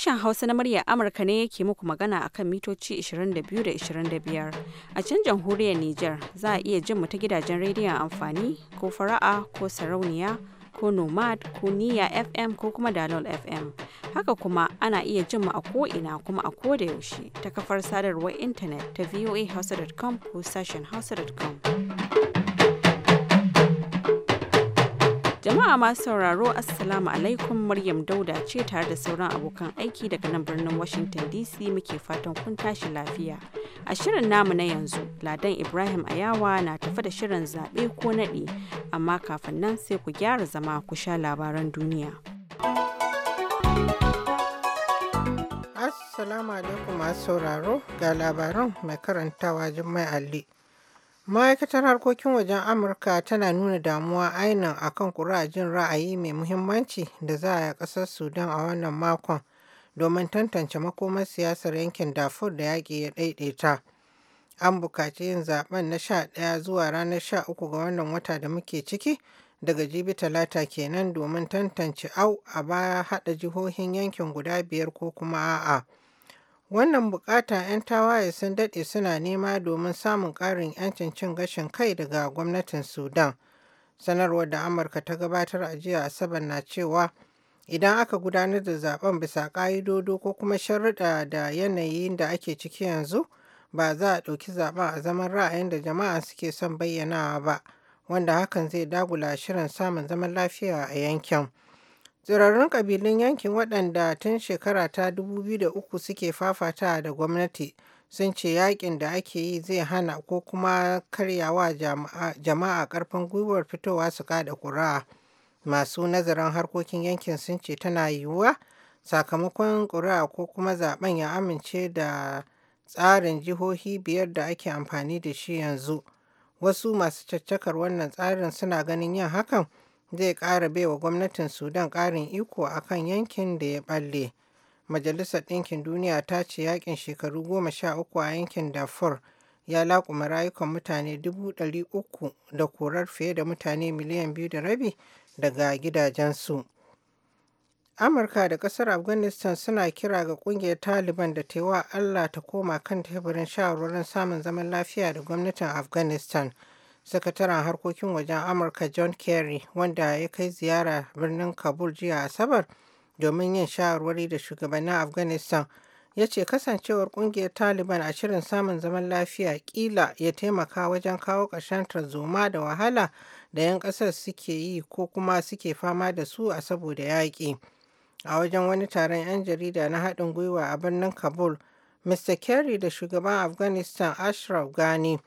Sashen Hausa na murya Amurka ne yake muku magana a kan mitoci 22 da 25. A can jamhuriyar Nijar za a iya jin mu ta gidajen rediyon amfani ko fara'a ko sarauniya ko nomad ko niya FM ko kuma dalol FM. Haka kuma ana iya jin mu a ko'ina kuma a ko da yaushe ta kafar sadarwar intanet ta voahausa.com ko sashen hausa.com. Jama'a masu sauraro Assalamu alaikum Maryam Dauda ce tare da sauran abokan aiki daga nan birnin Washington DC muke fatan kun tashi lafiya. A shirin namu na yanzu, Ladan Ibrahim Ayawa na tafi da shirin zaɓe ko naɗe, amma kafin nan sai ku gyara zama ku sha labaran duniya. Assalamu alaikum masu sauraro ga labaran mai karantawa Jummai alli. Ma'aikatar Harkokin Wajen Amurka tana nuna damuwa ainihin a kan jin ra'ayi mai muhimmanci da za a yi ƙasar Sudan a wannan makon domin tantance makomar siyasar yankin Darfur da yaƙi ya ɗaiɗaita. An buƙaci yin zaɓen na sha ɗaya zuwa ranar sha uku ga wannan wata da muke ciki daga jibi talata kenan domin tantance au a baya haɗa jihohin yankin guda biyar ko kuma a'a. Wannan bukata 'yan tawaye sun daɗe suna nema domin samun ƙarin 'yancin cin gashin kai daga gwamnatin Sudan. Sanarwar da Amurka ta gabatar a jiya Asabar na cewa idan aka gudanar da zaben bisa ƙa'idodo ko kuma sharuɗa da yanayin da ake ciki yanzu ba za a ɗauki zaɓen a zaman ra'ayin da jama'a suke son bayyanawa ba wanda hakan zai dagula shirin samun zaman lafiya a yankin. Tsirarrun ƙabilun yankin waɗanda tun shekara ta 2003 suke fafata da gwamnati sun ce yakin da ake yi zai hana ko kuma karyawa jama'a karfin gwiwar fitowa su kada ƙuri'a. Masu nazarin harkokin yankin sun ce tana yiwuwa sakamakon ƙuri'a ko kuma zaben ya amince da tsarin jihohi biyar da ake amfani da shi yanzu. Wasu masu caccakar wannan tsarin suna ganin yin hakan zai ƙara baiwa gwamnatin Sudan ƙarin iko a kan yankin da ya ɓalle. Majalisar Ɗinkin Duniya ta ce yakin shekaru goma sha uku a yankin Darfur ya laƙuma rayukan mutane dubu ɗari uku da korar fiye da mutane miliyan biyu da rabi daga gidajensu. Amurka da ƙasar Afghanistan suna kira ga ƙungiyar Taliban da taiwa Allah ta koma kan teburin shawarwarin samun zaman lafiya da gwamnatin Afghanistan. sakataren harkokin wajen amurka john kerry wanda ya kai ziyara birnin kabul jiya asabar domin yin shawarwari da shugabannin afghanistan ya ce kasancewar kungiyar taliban a shirin samun zaman lafiya kila ya taimaka wajen kawo ƙarshen tarzoma da wahala da 'yan ƙasar suke yi ko kuma suke fama da su a saboda yaƙi a wajen wani taron 'yan jarida na haɗin gwiwa a birnin kabul mr kerry da shugaban afghanistan ashraf ghani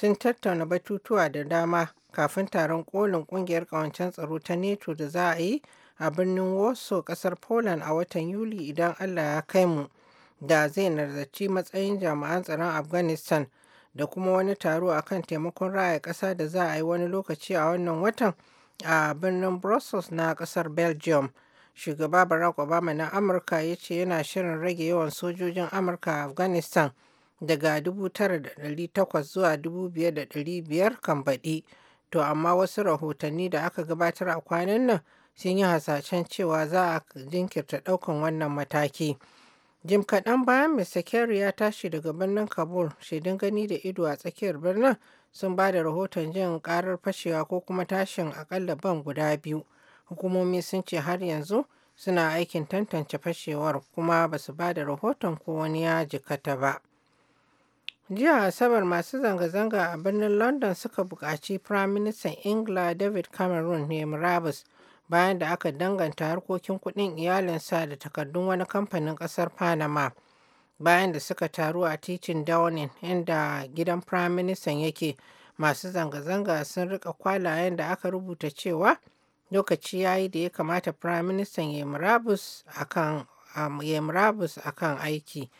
tun tattauna batutuwa da dama kafin taron kolin kungiyar kawancen tsaro ta neto da za a yi a birnin woso kasar poland a watan yuli idan allah ya kai mu da zai nazarci matsayin jami'an tsaron afghanistan da kuma wani taro a kan taimakon raya ƙasa da za a yi wani lokaci a wannan watan a birnin brussels na ƙasar belgium shugaba barack obama na amurka ya ce yana shirin rage yawan sojojin amurka a afghanistan daga 9,800 zuwa 5,500 kan baɗi. To amma wasu rahotanni da aka gabatar a kwanan nan sun yi hasashen cewa za a jinkirta ɗaukan wannan mataki. Jim kaɗan bayan Mr. Kerry ya tashi daga birnin Kabul, shaidun gani da ido a tsakiyar birnin sun ba da rahoton jin karar fashewa ko kuma tashin akalla ban guda biyu. Hukumomi sun ce har yanzu suna aikin tantance fashewar kuma ba su ba da rahoton ko wani ya jikata ba. Jiya Asabar masu zanga-zanga a birnin London suka buƙaci Firaministan Ingila David Cameron ne murabus bayan da aka danganta harkokin kuɗin iyalinsa da takardun wani kamfanin ƙasar Panama. Bayan da suka taru a titin Downing inda gidan Firaministan yake, masu zanga-zanga sun rika kwalayen da aka rubuta cewa lokaci ya yi da ya kamata Firaministan um, ya yi murabus a kan aiki.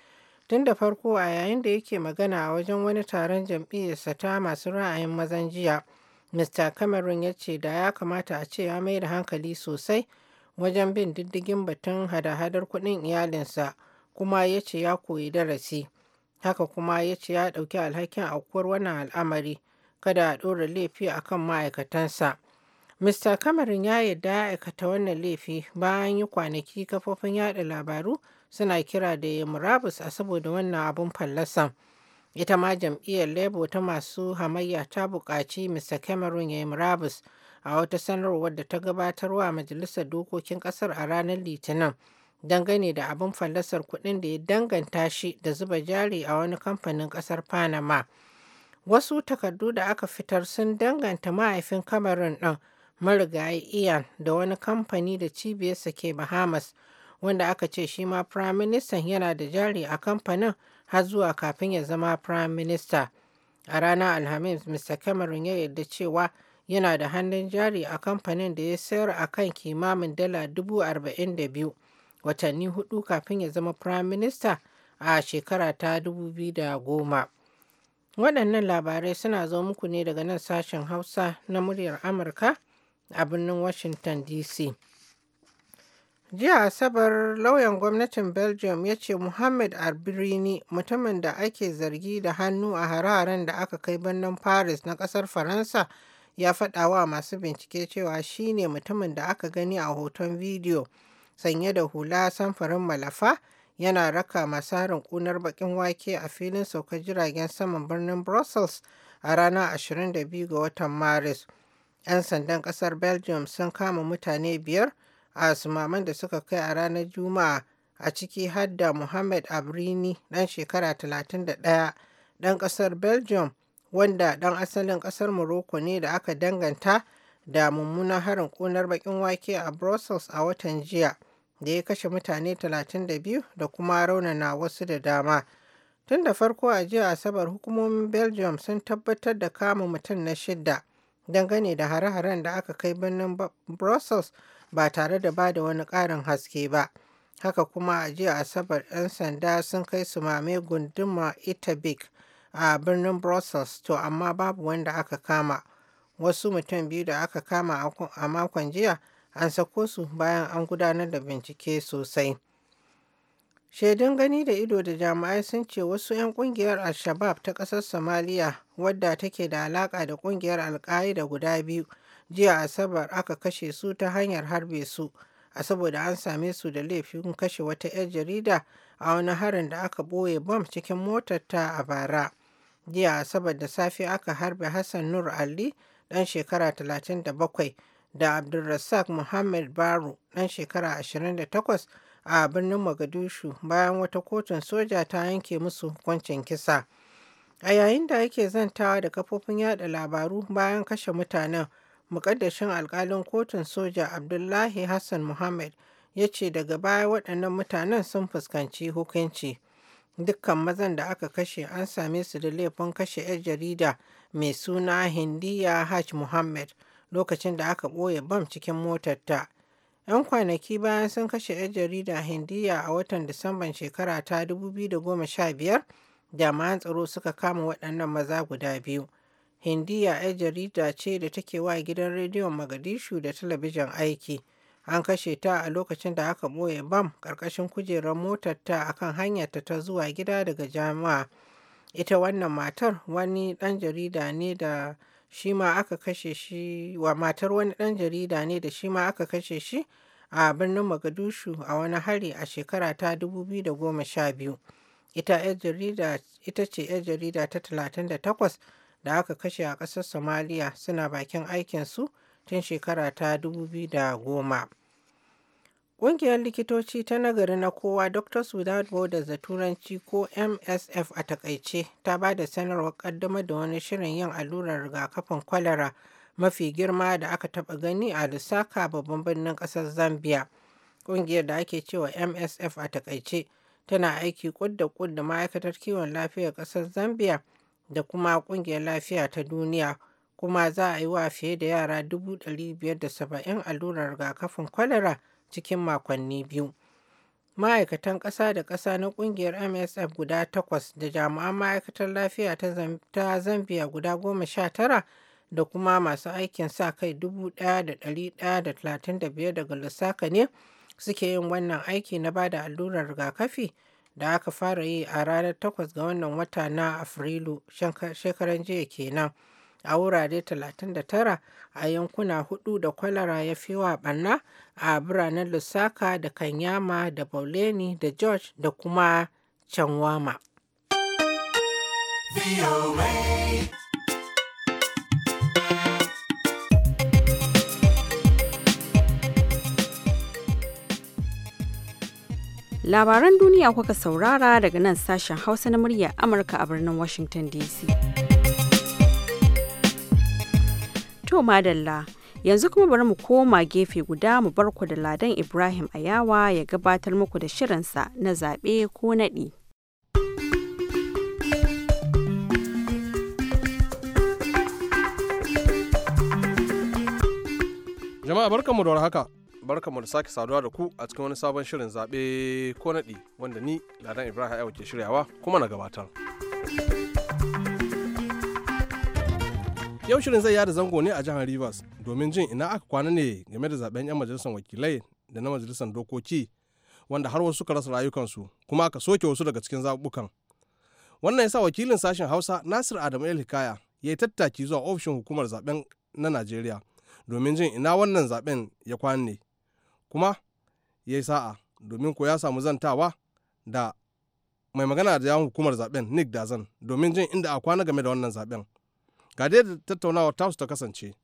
Tun da farko a yayin da yake magana a wajen wani taron jam'iyyarsa ta masu ra'ayin mazan jiya, Mr. Cameron ya ce da ya kamata a ce ya mai da hankali sosai wajen bin diddigin batun hada-hadar kuɗin iyalinsa kuma ya ce ya koyi darasi. Haka kuma ya ce ya ɗauki alhakin aukuwar wannan al'amari kada a ɗora laifi a kan ma'aikatansa. Mr. Cameron ya yarda ya aikata wannan laifi bayan yi kwanaki kafofin yada labaru suna kira da ya murabus a saboda wannan abun fallasan. Ita ma jam'iyyar Labour ta masu hamayya ta buƙaci Mr. Cameron ya yi murabus a wata sanarwar da ta gabatarwa a Majalisar Dokokin Ƙasar a ranar Litinin. dangane da abin fallasar kuɗin da ya danganta shi da zuba jari a wani kamfanin ƙasar panama wasu takardu da aka fitar sun danganta mahaifin cameron ɗin marigayi iyan da wani kamfani da cibiyarsa ke bahamas wanda aka ce shi ma Prime Minister yana da jari a kamfanin har zuwa kafin ya zama Prime Minister. A ranar Alhamis, Mr. Cameron ya yarda cewa yana da hannun jari a kamfanin da ya sayar a kan kimamin dala dubu arba'in da biyu watanni hudu kafin ya zama Prime Minister a shekara ta dubu Waɗannan labarai suna zo muku ne daga nan sashen Hausa na muryar Amurka a birnin Washington DC. Jiya Asabar, lauyan gwamnatin Belgium ya ce muhammad arbirini mutumin da ake zargi da hannu a hararen da aka kai birnin Paris na ƙasar Faransa, ya faɗa wa masu bincike cewa shi ne mutumin da aka gani a hoton bidiyo sanye da hula samfarin malafa yana raka masu harin ƙunar baƙin wake a filin saukar jiragen saman birnin Brussels a ranar 22 ga watan Maris. 'Yan sandan ƙasar Belgium sun kama mutane biyar. a sumaman da suka kai a ranar Juma'a a ciki Hadda Muhammad Abrini dan shekara 31 ɗan ƙasar Belgium wanda ɗan asalin ƙasar Morocco ne da aka danganta da mummunan harin ƙunar baƙin wake a Brussels a watan jiya da ya kashe mutane 32 da kuma raunana wasu da dama. Tun da farko a jiya Asabar hukumomin Belgium sun tabbatar da kama mutum na shidda dangane da hare-haren da aka kai birnin Brussels ba tare da ba da wani ƙarin haske ba. Haka kuma a jiya Asabar 'yan sanda sun kai su mame gunduma Itabik a birnin Brussels to amma babu wanda aka kama. Wasu mutum biyu da aka kama a makon jiya an sako su bayan an gudanar da bincike sosai. Shaidun gani da ido da jami'ai sun ce wasu 'yan kungiyar Al-Shabab ta ƙasar Somalia wadda take da alaƙa da kungiyar Al-Qaeda guda biyu jiya Asabar aka kashe su ta hanyar harbe su a saboda an same su da laifin kashe wata 'yar jarida a wani harin da aka boye bom cikin motar ta a bara. Jiya Asabar da safe aka harbe Hassan Nur Ali ɗan shekara 37 da Abdulrasaq Muhammad Baro ɗan shekara 28 a birnin Mogadishu bayan wata kotun soja ta yanke musu hukuncin kisa. A yayin da yake zantawa da kafofin yada labaru bayan kashe mutanen, mukaddashin alkalin kotun soja Abdullahi Hassan Muhammad ya ce daga baya waɗannan mutanen sun fuskanci hukunci. Dukkan mazan da aka kashe an same su da laifin kashe 'yar jarida mai suna Hindiya Hajj Muhammad lokacin da aka ɓoye bam cikin motarta. 'Yan kwanaki bayan sun kashe 'yar jarida Hindiya a watan Disamban shekara ta 2015, jami'an tsaro suka kama waɗannan maza guda biyu. Hindiya 'yar jarida ce da take wa gidan rediyon Magadishu da talabijin aiki. An kashe ta a lokacin da aka ɓoye bam ƙarƙashin kujerar motar ta akan hanyarta ta zuwa gida daga jama'a Ita wannan matar wani ɗan jarida ne da shi ma aka kashe shi wa matar wani ɗan jarida ne da shi ma aka kashe shi a birnin Mogadishu a wani hari a shekara ta 2012. Ita ce 'yar jarida ta 38 da aka kashe a ƙasar Somalia suna bakin aikinsu tun shekara ta 2010. Ƙungiyar likitoci ta nagari na kowa Doctors Without Borders da Turanci ko MSF a takaice ta ba da sanarwar ƙaddamar da wani shirin yin allurar rigakafin kwalara mafi girma da aka taba gani a Lusaka babban birnin ƙasar Zambia. Ƙungiyar da ake cewa MSF a takaice tana aiki kud da kud da ma'aikatar kiwon lafiyar ƙasar Zambia da kuma ƙungiyar lafiya ta duniya kuma za a yi wa fiye da yara 570 allurar rigakafin kwalara cikin makonni biyu. ma'aikatan ƙasa da ƙasa na ƙungiyar msf guda takwas da jami'an ma'aikatar lafiya ta zambia guda goma sha tara da kuma masu aikin sa kai 1,135 daga Lusaka ne suke yin wannan aiki na bada allurar rigakafi da aka fara yi a ranar 8 ga wannan wata na Afrilu shekaran jiya kenan a wurare 39 a yankuna hudu da kwalara ya fi wa barna a biranen Lusaka da Kanyama da Bauleni da George da kuma Canwama. Labaran duniya kuka saurara daga nan sashen Hausa na murya Amurka a birnin Washington DC. To madalla, yanzu kuma bari mu koma gefe guda mu bar ku da Ladan Ibrahim Ayawa ya gabatar muku da shirinsa na zaɓe ko naɗi. Jama'a barkanmu da warhaka. mu da sake saduwa da ku a cikin wani sabon shirin zaɓe ko naɗi wanda ni Ladan Ibrahim ya ke shiryawa kuma na gabatar. Yau shirin zai yada zango ne a jihar Rivers domin jin ina aka kwana ne game da zaɓen 'yan majalisar wakilai da na majalisar dokoki wanda har wasu suka rasa rayukansu kuma aka soke wasu daga cikin zaɓuɓɓukan. Wannan ya sa wakilin sashen Hausa Nasir Adamu El Hikaya ya yi tattaki zuwa ofishin hukumar zaɓen na Najeriya domin jin ina wannan zaɓen ya kwana ne. kuma ya yi sa'a domin ko ya samu zantawa da mai magana da yawon hukumar zaben nick dazan domin jin inda a kwana game da wannan zaben ga dai da tattaunawar tasu ta kasance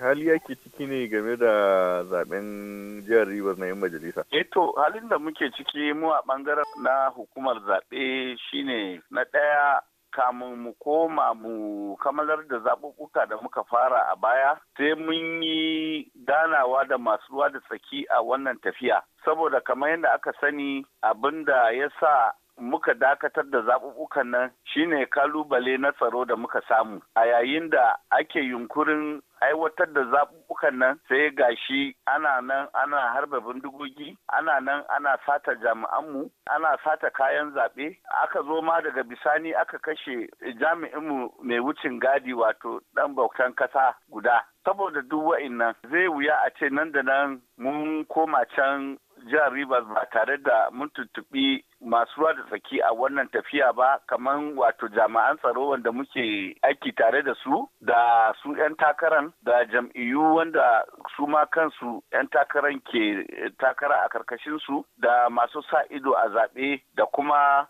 hali yake ciki ne game da zaben jihar Rivers na yin majalisa. Eto eh halin da muke ciki mu a bangaren na hukumar zaɓe shine na ɗaya kamun mu koma mu kamalar da zaɓuɓɓuka da muka fara a baya sai mun yi ganawa da masu ruwa da tsaki a wannan tafiya saboda kamar yadda aka sani abin da ya sa muka dakatar da zaɓuɓɓukan nan shine kalubale na tsaro da muka samu a yayin da ake yunkurin aiwatar da zaɓuɓɓukan nan sai gashi ana nan ana harba bindigogi ana nan ana sata jami'anmu ana sata kayan zaɓe aka zo ma daga bisani aka kashe jami'inmu mai wucin gadi wato ɗan bautan kasa guda saboda duk wa'innan zai wuya a ce nan da nan mun koma can jihar Rivers ba tare da mun tuntuɓi masu ruwa da tsaki a wannan tafiya ba kamar wato jami'an tsaro wanda muke aiki tare da su da su 'yan takaran da jam'iyyu wanda su ma kansu 'yan takaran ke takara a karkashin su da masu sa ido a zaɓe da kuma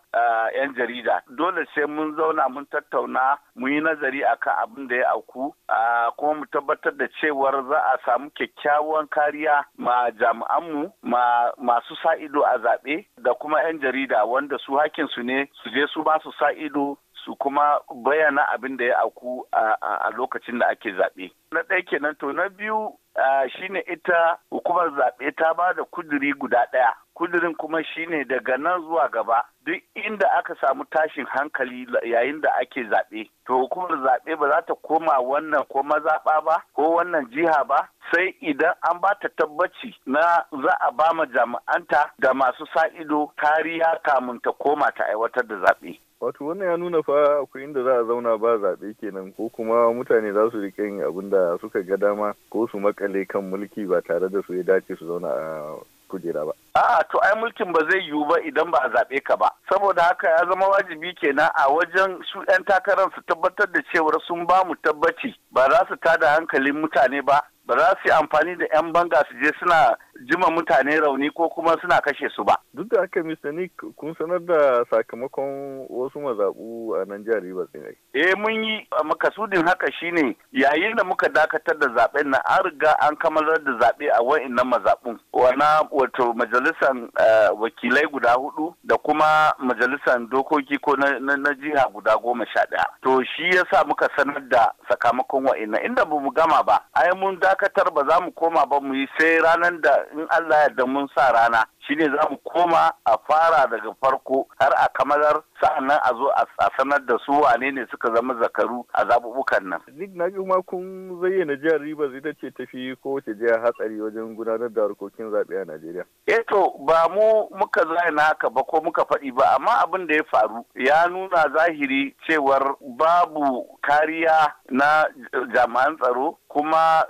'yan jarida dole sai mun zauna mun tattauna mu yi nazari akan abin da ya auku kuma mu tabbatar da cewar za a samu kyakkyawan kariya ma jami'anmu ma masu sa ido a zaɓe da kuma 'yan jarida jarida wanda su hakinsu ne su je su ba su sa ido su kuma bayyana abin da ya auku a lokacin da ake zaɓe. Na ɗaya kenan to na biyu shine ita hukumar zaɓe ta ba da kuduri guda ɗaya kudirin kuma shine daga nan zuwa gaba duk inda aka samu tashin hankali yayin da ake zaɓe to hukumar zaɓe ba za ta koma wannan ko mazaɓa ba ko wannan jiha ba sai idan an ba ta tabbaci na za a ba ma jami'anta da masu sa ido kariya kamun ta koma ta aiwatar da zaɓe wato wannan ya nuna fa akwai inda za a zauna ba zaɓe kenan ko kuma mutane za su riƙe yin abin da suka ga dama ko su makale kan mulki ba tare da su ya dace su zauna a kujera ba. A'a to ai mulkin ba zai yiwu ba idan ba a zaɓe ka ba. Saboda haka ya zama wajibi kenan a wajen su 'yan takarar su tabbatar da cewar sun ba mu tabbaci ba za su tada hankalin mutane ba ba za su yi amfani da 'yan banga su je suna jima mutane rauni ko kuma suna kashe su ba. Duk da haka Mr. Nick kun sanar da sakamakon wasu mazaɓu a nan jihar Rivers ne. Eh mun yi makasudin haka shine yayin da muka dakatar da zaben na an riga an kamalar da zaɓe a wa'annan mazaɓun. Wana wato majalisan eh, wakilai guda hudu da kuma majalisan dokoki ko na jiha guda goma sha ɗaya. To shi yasa muka sanar da sakamakon wa'annan inda ba mu gama ba. Ai mun dakatar ba za mu koma ba mu yi sai ranar da in Allah ya mun sa rana shine za mu koma a fara daga farko har a kamarar sa'annan a zo a sanar da su wane ne suka zama zakaru a zabubukan nan. Nick na ji kun zayyana jihar Rivers ita ce tafi kowace jihar hatsari wajen gudanar da harkokin zaɓe a Najeriya. Eh to ba mu muka zayyana haka ba ko muka faɗi ba amma abin da ya faru ya nuna zahiri cewar babu kariya na jami'an tsaro kuma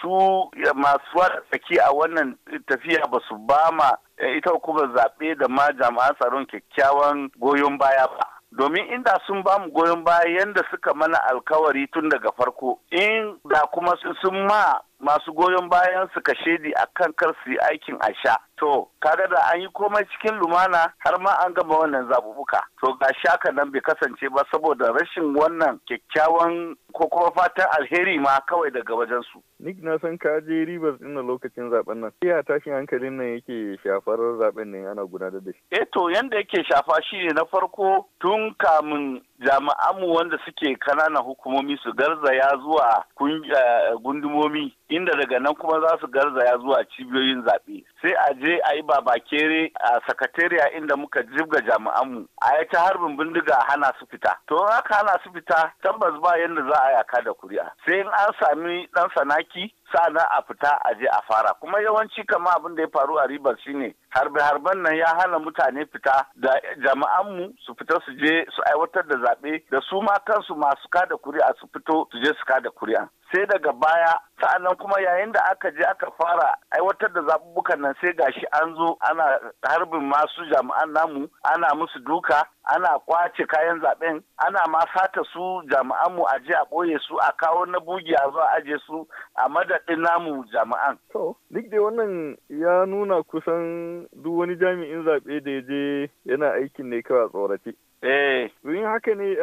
su masu tsaki a wannan tafiya ba su ba ma Eh, ita hukumar zaɓe da ma jami'an tsaron kyakkyawan goyon baya ba. Domin inda sun ba mu goyon baya yadda suka mana alkawari tun daga farko, in da kuma sun ma masu goyon bayan su shaidi a kan kar su yi aikin a to kaga da an yi komai cikin lumana har ma an gama wannan zabubuka to ga shaka nan bai kasance ba saboda rashin wannan kyakkyawan ko kuma fatan alheri ma kawai daga wajen su Nick na san ka je Rivers din lokacin zaben nan Iya tashin hankalin nan yake shafar zaben ne ana gudanar da shi eh to yanda yake shafa shi ne na farko tun kamun jami'anmu wanda suke kananan hukumomi su garzaya zuwa eh, gundumomi inda daga nan kuma za su garzaya zuwa cibiyoyin zaɓe sai a je je a yi kere a sakatariya inda muka jibga jami'anmu a yi ta harbin bindiga hana su fita to in aka hana su fita tabbas ba yadda za a yi aka da kuri'a sai in an sami dan sanaki sa'ana a fita a je a fara kuma yawanci kama abin da ya faru a ribar shine harbe-harben nan ya hana mutane fita da jama'anmu su fita su je su aiwatar da zaɓe da su ma kansu masu kada kuri'a su fito su je su kada kuri'a sai daga baya sa'annan kuma yayin da aka je aka fara aiwatar da zaɓuɓɓukan nan sai gashi an zo ana harbin masu jami'an namu ana musu duka ana kwace kayan zaben ana ma sata su jami'anmu a je a ɓoye su a kawo na bugi a zuwa aje su a madadin namu jama'an. To, duk da wannan ya nuna kusan duk wani jami'in zaɓe da ya je yana aikin ne kawai a tsorace. Eh, yin haka ne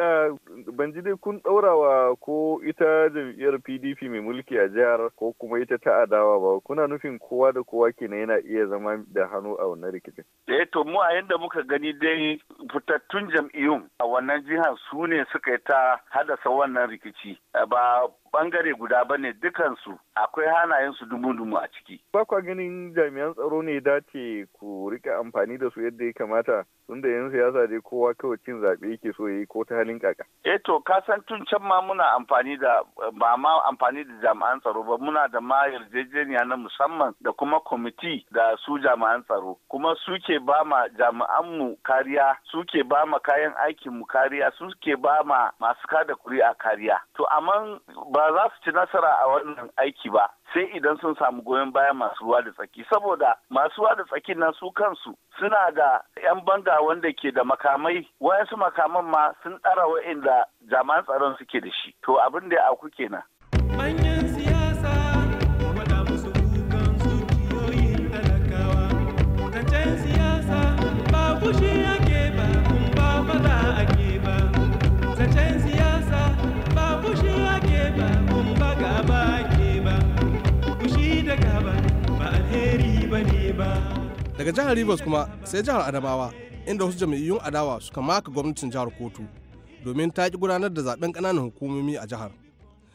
ban ji dai kun ɗaurawa ko ita jam'iyyar PDP mai mulki a jihar ko kuma ita ta adawa ba kuna nufin kowa da kowa kenan yana iya zama da hannu a wannan rikicin. Eh to mu a yadda muka gani dai fitattun jam'iyyun a wannan jihar su ne suka yi ta hadasa wannan rikici ba bangare guda ba ne dukansu akwai su dumu-dumu a ciki. Ba kwa ganin jami'an tsaro ne dace ku rika amfani da su yadda ya kamata tunda yan siyasa dai kowa kawai cin zaɓe yake so yi ko ta halin kaka. E, to ka san tun can ma muna amfani da ba ma amfani da jami'an tsaro ba muna da ma yarjejeniya na musamman da kuma kwamiti da su jami'an tsaro kuma suke ba ma jami'an mu kariya suke ba ma kayan aikin mu kariya suke ba ma masu kada kuri'a kariya. To amma ba ba za su ci nasara a wannan aiki ba sai idan sun samu goyon bayan masu ruwa da tsaki saboda masu ruwa da tsakin nan su kansu suna da 'yan banga wanda ke da makamai wayansu makaman ma sun ɗara wa'inda jama'an tsaron suke da shi to abin da ya kenan. Manyan siyasa ya bane ba daga jihar rivers kuma sai jihar adamawa inda wasu jam'iyyun adawa suka maka gwamnatin jihar kotu domin ta ki gudanar da zaben kananan hukumomi a jihar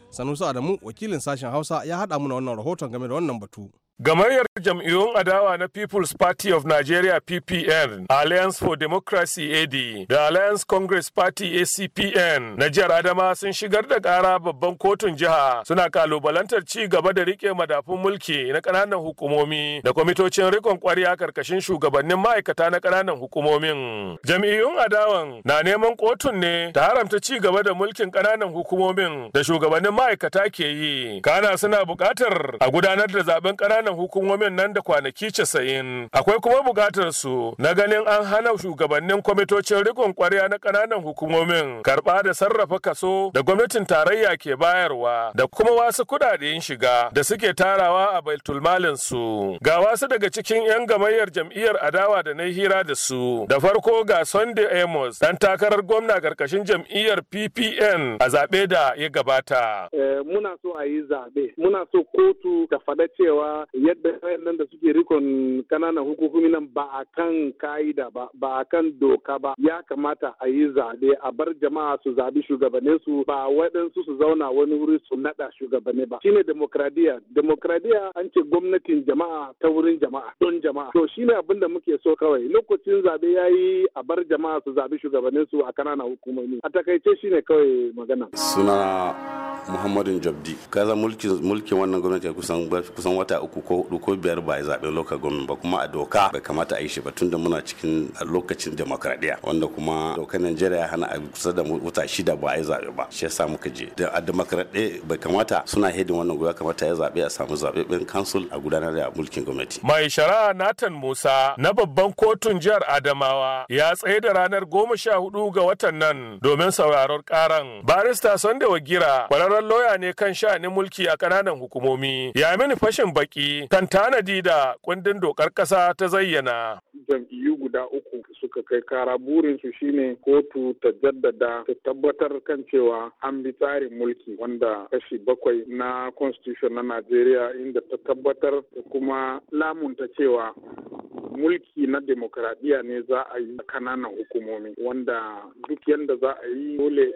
sanusa adamu wakilin sashen hausa ya haɗa muna wannan rahoton game da wannan batu Gamayyar jam'iyyun adawa na People's Party of Nigeria PPN, Alliance for Democracy AD da Alliance Congress Party ACPN na jihar Adama sun shigar da ƙara babban kotun jiha suna kalubalantar ci gaba da riƙe madafun mulki na ƙananan hukumomi da kwamitocin rikon ƙwarya karkashin shugabannin ma'aikata na ƙananan hukumomin. Jam'iyyun adawan na neman kotun ne ta haramta ci gaba da mulkin ƙananan hukumomin da shugabannin ma'aikata ke yi. Kana suna buƙatar a gudanar da zaben ƙananan ƙananan hukumomin nan da kwanaki casa'in. Akwai kuma buƙatar su na ganin an hana shugabannin kwamitocin rikon kwarya na ƙananan hukumomin karɓa da sarrafa kaso da gwamnatin tarayya ke bayarwa da kuma wasu kuɗaɗen shiga da suke tarawa a baitulmalin su. Ga wasu daga cikin 'yan gamayyar jam'iyyar adawa da na hira da su. Da farko ga Sunday Amos dan takarar gwamna karkashin jam'iyyar PPN a zaɓe da ya gabata. Eh, muna so a yi zaɓe, muna so kotu ta faɗa cewa yadda wayannan da suke rikon kananan hukumomi nan ba a kan ka'ida ba ba a kan doka ba ya kamata a yi zaɓe a bar jama'a su zaɓi shugabannin su ba waɗansu su zauna wani wuri su naɗa shugabanni ba shine demokradiya demokradiya an ce gwamnatin jama'a ta wurin jama'a don jama'a to shine abin da muke so kawai lokacin zaɓe ya yi a bar jama'a su zaɓi shugabannin su a kananan hukumomi a takaice shine kawai magana muhammadu jabdi kaza mulkin mulkin wannan gwamnati kusan kusan wata uku ko hudu ko biyar ba zaɓen local government ba kuma a doka bai kamata a yi shi ba tunda muna cikin lokacin demokradiya wanda kuma dokar najeriya hana a kusa da wuta shida ba a yi zaɓe ba shi yasa muka je da a demokradiya bai kamata suna hedin wannan gwamnati kamata ya zaɓe a samu zaɓeɓɓen kansul a gudanar da mulkin gwamnati. mai shari'a natan musa na babban kotun jihar adamawa ya tsaye da ranar goma sha hudu ga watan nan domin sauraron karan barista sanda wagira kwararren ƙwararren lauya ne kan sha'anin mulki a ƙananan hukumomi. Ya mini fashin baƙi. kan tanadi da kundin dokar ƙasa ta zayyana. Jam'iyyu guda uku suka kai kara burinsu shine kotu ta jaddada ta tabbatar kan cewa an bi tsarin mulki wanda kashi bakwai na constitution na Najeriya inda ta tabbatar kuma lamunta cewa mulki na demokradiyya ne za a yi kananan hukumomi wanda duk yanda za a yi dole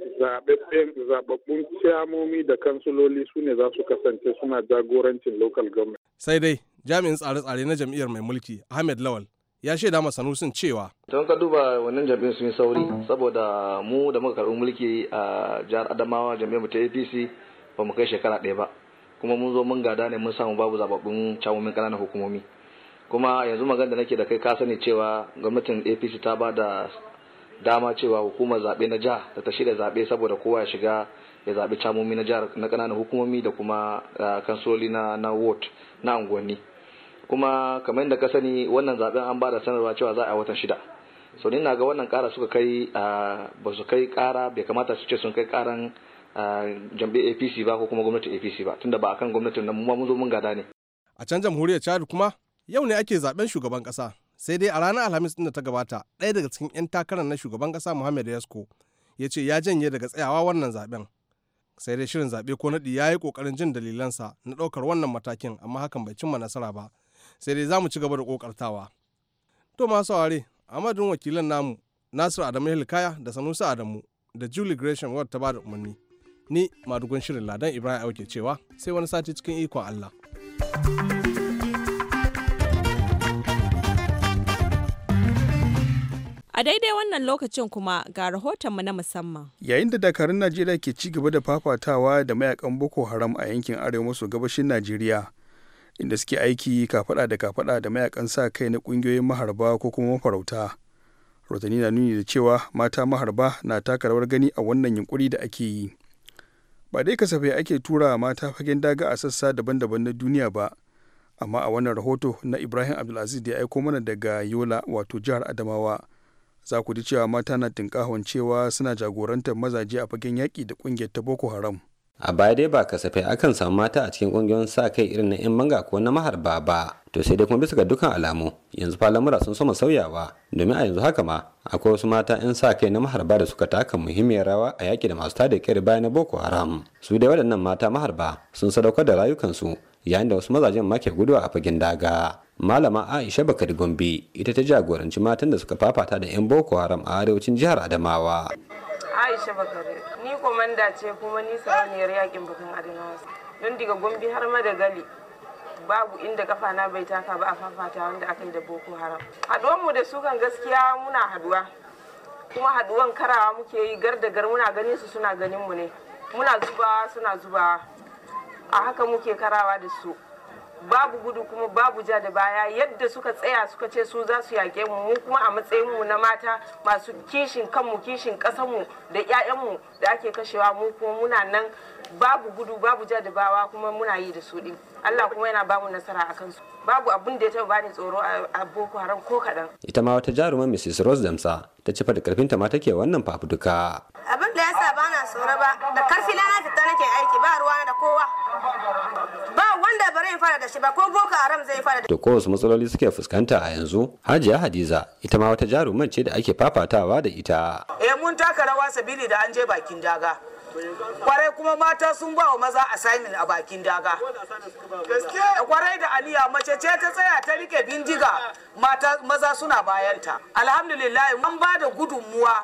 zaɓaɓɓun ciyamomi da kansuloli su ne za su kasance suna jagorancin local government. Sai dai jami'in tsare-tsare na jam'iyyar mai mulki Ahmed Lawal ya shaida ma sanusin cewa don ka duba wannan jami'in sun yi sauri saboda mu da muka karɓi mulki a jihar adamawa jam'iyyar ta apc ba mu kai shekara ɗaya ba kuma mun zo mun gada ne mun samu babu zababbun camomin ƙananan hukumomi kuma yanzu magana da nake da kai ka sani cewa gwamnatin apc ta ba da dama cewa hukumar zaɓe na jihar da ta shirya zaɓe saboda kowa ya shiga ya zaɓi camomi na jihar na ƙananan hukumomi da kuma kansoli na na ward na unguwanni kuma kamar yadda ka sani wannan zaɓen an ba da sanarwa cewa za a watan shida so ni na ga wannan ƙara suka kai ba su kai ƙara bai kamata su ce sun kai ƙaran jam'iyyar apc ba ko kuma gwamnatin apc ba tunda ba akan gwamnatin nan mu ma mun zo mun gada ne a can jamhuriyar chad kuma yau ne ake zaben shugaban kasa sai dai a ranar alhamis din da ta gabata ɗaya daga cikin 'yan takarar na shugaban kasa muhammad yasko ya ce ya janye daga tsayawa wannan zaben sai dai shirin zaɓe ko naɗi ya yi ƙoƙarin jin dalilansa na ɗaukar wannan matakin amma hakan bai cimma nasara ba sai dai za mu ci gaba da ƙoƙartawa to masu ware a madadin wakilan namu nasiru adamu hilkaya da sanusi adamu da julie gresham wadda ta ba da umarni ni madugun shirin ladan ibrahim auke cewa sai wani sati cikin ikon allah thank you A daidai wannan lokacin kuma ga rahoton rahotonmu na musamman. Yayin da dakarun Najeriya ke ci gaba da fafatawa da mayakan Boko Haram a yankin arewa maso gabashin Najeriya, inda suke aiki kafada da kafada da mayakan sa kai na kungiyoyin maharba ko kuma mafarauta. Rotani na nuni da cewa mata maharba na taka rawar gani a wannan yunkuri da ake yi. Ba dai kasafai ake tura mata fagen daga a sassa daban-daban na duniya ba, amma a wannan rahoto na Ibrahim Abdulaziz da ya aiko mana daga Yola wato jihar Adamawa. za ku ji cewa mata na tinkahon cewa suna jagorantar mazaje a fagen yaƙi da ƙungiyar ta boko haram a baya dai ba kasafai akan samu mata a cikin ƙungiyoyin sa kai irin na 'yan manga ko na maharba ba to sai dai kuma bisa ga dukkan alamu yanzu fa lamura sun soma sauyawa domin a yanzu haka ma akwai wasu mata 'yan sa kai na maharba da suka taka muhimmiyar rawa a yaƙi da masu tada kyar baya na boko haram su dai waɗannan mata maharba sun sadaukar da rayukansu yayin da wasu mazajen ma ke guduwa a fagen daga malama aisha bakari gombe ita ta jagoranci matan da suka fafata da 'yan boko haram a arewacin jihar adamawa aisha bakari ni komanda ce kuma ni sarauniyar yakin bakin adamawa don diga gombe har madagali babu inda kafa na bai taka ba a fafata wanda aka yi da boko haram haduwan mu da su kan gaskiya muna haduwa kuma haduwan karawa muke yi gar da gar muna ganin su suna ganin mu ne muna zubawa suna zubawa a haka muke karawa da su babu gudu kuma babu ja da baya yadda suka tsaya suka ce su za su yaƙe mu mu kuma a matsayin mu na mata masu kishin kanmu kishin ƙasanmu da 'ya'yanmu da ake kashewa mu kuma muna nan babu gudu babu ja da bawa kuma muna yi da su din Allah kuma yana bamu nasara a kansu babu abin da ya taɓa bani tsoro a Boko Haram ko kaɗan. Ita ma wata jaruma Mrs. Rose Damsa ta ci fa da karfinta ma take wannan fafutuka. da yasa ba na tsoro ba da karfi na fita nake aiki ba ruwa na da kowa ba wanda bare fara da shi ba ko boko haram zai fara da to ko matsaloli suke fuskanta a yanzu hajiya hadiza ita ma wata jaruman ce da ake fafatawa da ita eh mun taka rawa sabili da an je bakin daga kwarai kuma mata sun ba wa maza assignment a bakin daga kwarai da aliya mace ce ta tsaya ta rike bindiga mata maza suna bayanta alhamdulillah an ba da gudunmuwa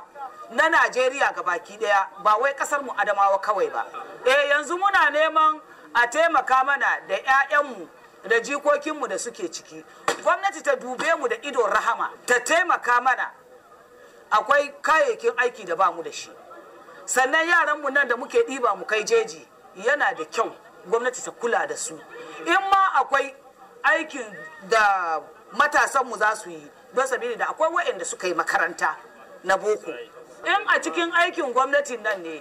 na najeriya ga baki daya ba wai kasar mu adamawa kawai ba eh yanzu muna neman a taimaka mana da 'ya'yanmu da jikokinmu da suke ciki gwamnati ta dube mu da ido rahama ta taimaka mana akwai kayayyakin aiki da ba mu da shi sannan yaran mu nan da muke ɗiba mu kai jeji yana da kyau gwamnati ta kula da su in ma akwai aikin da matasanmu za su yi don sabili da akwai waɗanda suka yi makaranta na boko in a cikin aikin gwamnatin nan ne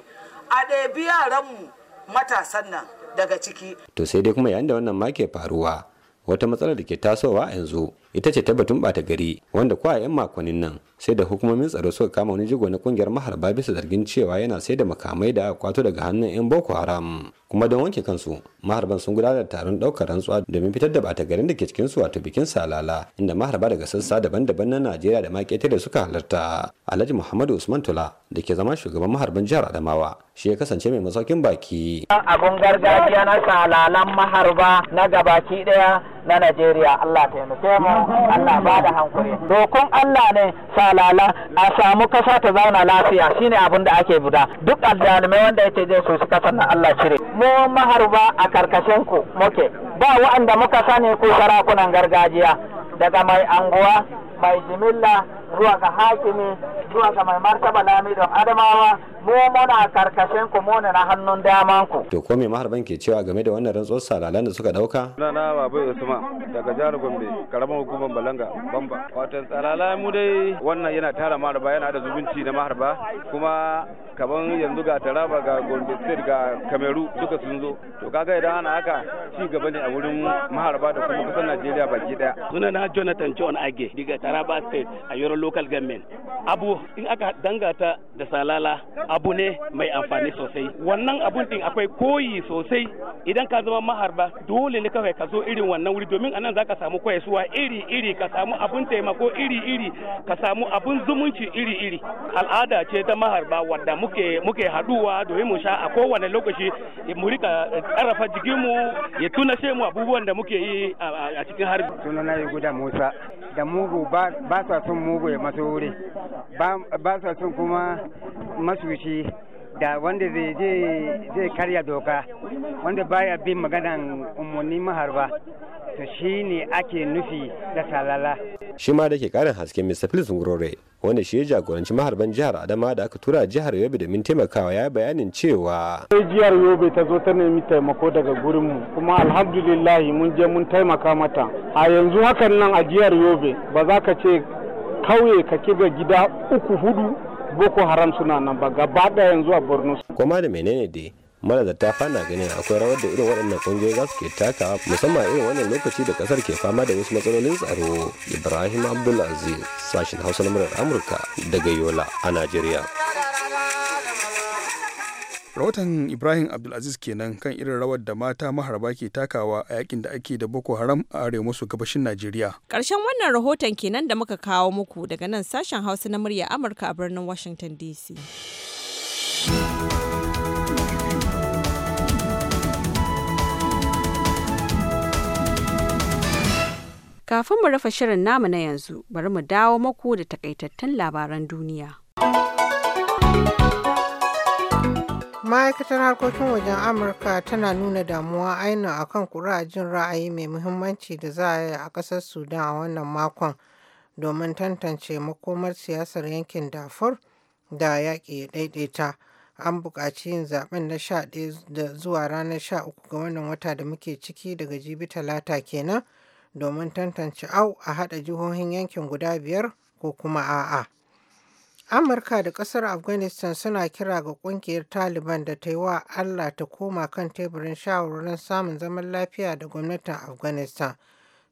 a ɗabi yaranmu matasan nan daga ciki to sai dai kuma yayin da wannan make faruwa wata matsalar da ke tasowa yanzu ita ce ta batun ɓata gari wanda kwa 'yan makonnin nan sai da hukumomin tsaro suka kama wani jigo na kungiyar maharba bisa zargin cewa yana sai da makamai da kwato daga hannun 'yan boko haram kuma don wanke kansu maharban sun gudanar da taron daukar rantsuwa domin fitar da bata garin da ke cikin su wato bikin salala inda maharba daga sassa daban-daban na najeriya da makete da suka halarta alhaji muhammadu usman tula da ke zama shugaban maharban jihar adamawa shi ya kasance mai masaukin baki abun gargajiya na salalan maharba na gabaki daya na najeriya allah allah ba da hankuri dokun allah ne lala a samu kasa ta zauna lafiya shine abin da ake buda duk azzalumai wanda yake zai so shi kasar nan Allah cire mu maharba a karkashin ku muke ba waɗanda muka sani ko sarakunan gargajiya daga mai anguwa mai jimilla zuwa ga hakimi zuwa ga mai martaba lami don adamawa mu muna karkashin ku muna na hannun daman ku to ko me maharban ke cewa game da wannan rantsuwar salalan da suka dauka na na babu usman daga jihar gombe karamar hukumar balanga bamba wato salala mu dai wannan yana tara maharba yana da zubunci na maharba kuma kaban yanzu ga taraba ga gombe state ga kameru duka sun zo to kaga idan ana haka ci gaba ne a wurin maharba da kuma kasar najeriya baki daya sunana jonathan john age daga taraba state a yoron local government abu in aka dangata da salala abu ne mai amfani sosai wannan abun din akwai koyi sosai idan ka zama maharba dole ne kawai ka zo irin wannan wuri domin anan zaka samu suwa iri iri ka samu abun taimako iri iri ka samu abun zumunci iri iri al'ada ce ta maharba wanda muke muke haduwa domin mu sha a kowane lokaci mu rika ƙarfafa jikinmu ya tuna mu abubuwan da muke yi a cikin harbi sunana guda musa da mugu ba sa son mugu ya maso wuri ba sa sun kuma masuci da wanda zai karya doka wanda baya bin maganan umarni ba to shi ne ake nufi da salala shi ma da ke karin haske mr phillips ngurore wanda shi ya jagoranci maharban jihar adama da aka tura jihar yobe domin taimakawa ya bayanin cewa sai jihar yobe ta zo ta nemi taimako daga gurinmu kuma alhamdulillahi mun je mun taimaka mata a yanzu hakan nan a jihar yobe ba za ka ce kauye ka kiga gida uku hudu boko haram suna nan ba gaba da yanzu a borno kuma da menene dai ta fana ganin akwai rawar da irin waɗannan ƙungiyoyi za su ke takawa musamman irin wannan lokaci da ƙasar ke fama da wasu matsalolin tsaro ibrahim abdulaziz sashen hausa na murar amurka daga yola a najeriya rahoton ibrahim abdulaziz kenan kan irin rawar da mata maharba ke takawa a yakin da ake da boko haram a arewa maso gabashin najeriya karshen wannan rahoton kenan da muka kawo muku daga nan sashen hausa na murya amurka a birnin washington dc kafin mu rufe shirin namu na yanzu bari mu dawo muku da takaitattun labaran duniya ma'aikatar harkokin wajen amurka tana nuna damuwa aina akan jin ra'ayi mai muhimmanci da za a yi a ƙasar sudan a wannan makon domin tantance makomar siyasar yankin darfur da yaƙi ya daidaita an buƙaci yin zaɓen na 11 da zuwa ranar sha uku ga wannan wata da muke ciki daga jibi talata kenan domin tantance au a haɗa jihohin yankin guda biyar ko kuma a'a. amurka da kasar afghanistan suna kira ga kungiyar taliban da ta yi wa allah ta koma kan teburin shawarwarin samun zaman lafiya da gwamnatin afghanistan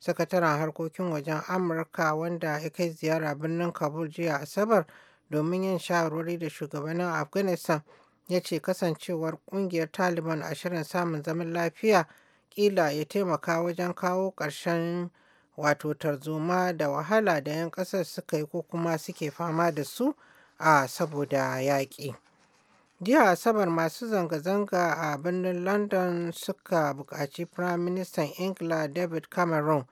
sakataren harkokin wajen amurka wanda ya kai ziyara birnin kabul jiya asabar domin yin shawarwari da shugabannin afghanistan ya ce kasancewar kungiyar taliban a shirin samun zaman lafiya kila ya taimaka wajen kawo karshen wato tarzoma da wahala da 'yan ƙasar suka yi ko kuma suke fama da su a saboda yaƙi. jiya asabar masu zanga-zanga a birnin london suka buƙaci minister ingila david cameron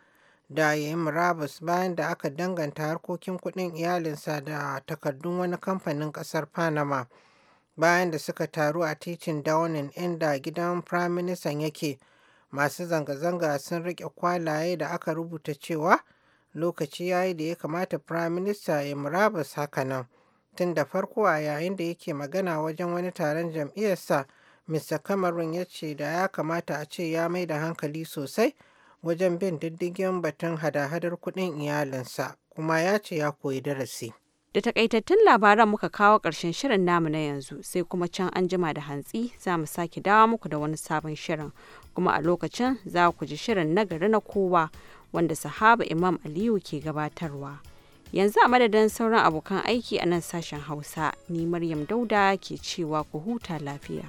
da ya yi murabus bayan da aka danganta harkokin kuɗin iyalinsa da takardun wani kamfanin ƙasar panama bayan da suka taru a titin downing inda gidan minister yake masu zanga-zanga sun rike kwalaye da aka rubuta cewa lokaci ya yi da ya kamata prime minister ya murabus nan tun da farko a yayin da yake magana wajen wani taron jam'iyyarsa mr cameron ya ce da ya kamata a ce ya mai da hankali sosai wajen bin diddigin batun hada-hadar kuɗin iyalinsa kuma ya ce ya koyi darasi Da takaitattun labaran muka kawo ƙarshen shirin namu na yanzu sai kuma can an jima da hantsi za mu sake dawo muku da wani sabon shirin. kuma a lokacin za ku ji shirin nagari na kowa wanda sahaba Imam Aliyu ke gabatarwa. Yanzu a madadin sauran abokan aiki a nan sashen Hausa, ni Maryam Dauda ke cewa ku huta lafiya.